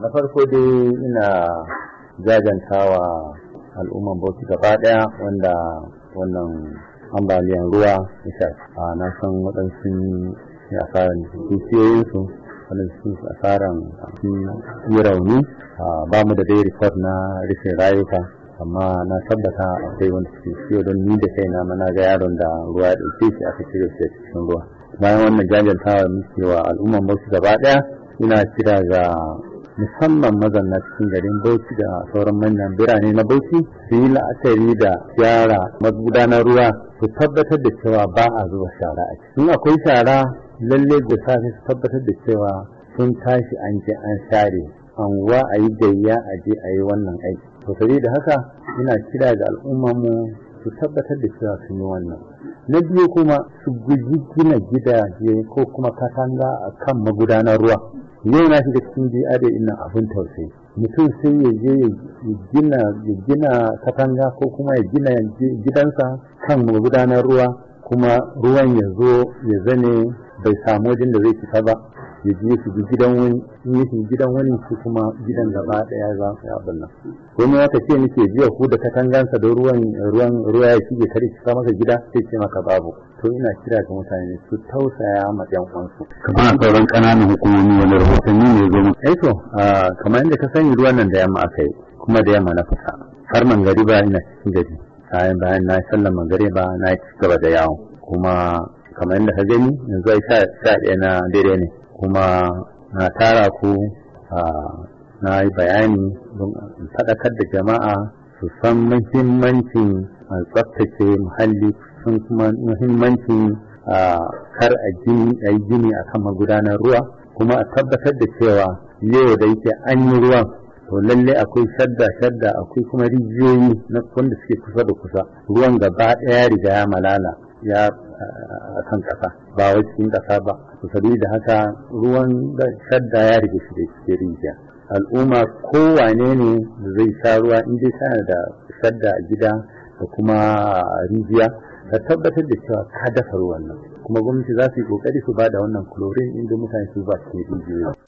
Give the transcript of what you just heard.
na farko dai ina jajantawa al'umman bauchi gaba daya wanda wannan ambaliyan ruwa ya shafi a na san waɗansu ya nufin dukiyoyinsu waɗansu asaran su yi rauni ba mu da dai rikod na rikin rayuka amma na tabbata akwai wani su siyo don ni da kaina na ga yaron da ruwa ya ɗauke shi aka cire shi cikin ruwa bayan wannan jajantawa muke wa al'umman bauchi gaba daya ina kira ga musamman mazanna cikin garin Bauchi da sauran manyan birane na Bauchi su yi la'akari da gyara magudanar ruwa su tabbatar da cewa ba a zuba shara a ciki. akwai shara lalle da safe su tabbatar da cewa sun tashi an je an share wa a yi gayya a je a yi wannan aiki. To da haka ina kira ga mu su tabbatar da cewa sun yi wannan na biyu kuma su guji gina gidaje ko kuma katanga a kan magudanar ruwa yau na shiga cikin bi'a da ina abin tausayi mutum sai ya je ya gina katanga ko kuma ya gina gidansa kan magudanar ruwa kuma ruwan ya zo ya zane bai samu wajen da zai fita ba ya ji ya shiga gidan wani in ya shi gidan wani su kuma gidan gaba daya za su yi abin nan kuma ya tafi nake biya ku da katangansa da ruwan ruwan ruwa ya shige kare shi maka gida sai ce maka babu to ina kira ga mutane su tausaya ma ɗan uwansu kamar sauran ƙananan hukumomi wani ruwa to kamar yadda ka sani ruwan nan da yamma aka yi kuma da yamma na fita har ba ina cikin gari bayan bayan na sallar ba na ci gaba da yawo kuma kamar yadda ka gani yanzu ai sha ɗaya na dare ne kuma na tara ku na yi bayani don faɗakar da jama'a su san muhimmancin tsaftace muhalli sun kuma muhimmancin kar a yi gini a kan magudanar ruwa kuma a tabbatar da cewa yau da yake an yi ruwan to lalle akwai shadda shadda akwai kuma rijiyoyi na wanda suke kusa da kusa ruwan gaba ɗaya riga ya malala ya kan kasa ba wai cikin kasa ba to da haka ruwan shadda ya riga shi da cikin rijiya al'umma kowane ne zai sha ruwa in dai tana da shadda a gida da kuma rijiya ka tabbatar da cewa ka dafa ruwan nan kuma gwamnati za su yi kokari su ba da wannan chlorine inda mutane su ba cikin rijiyoyi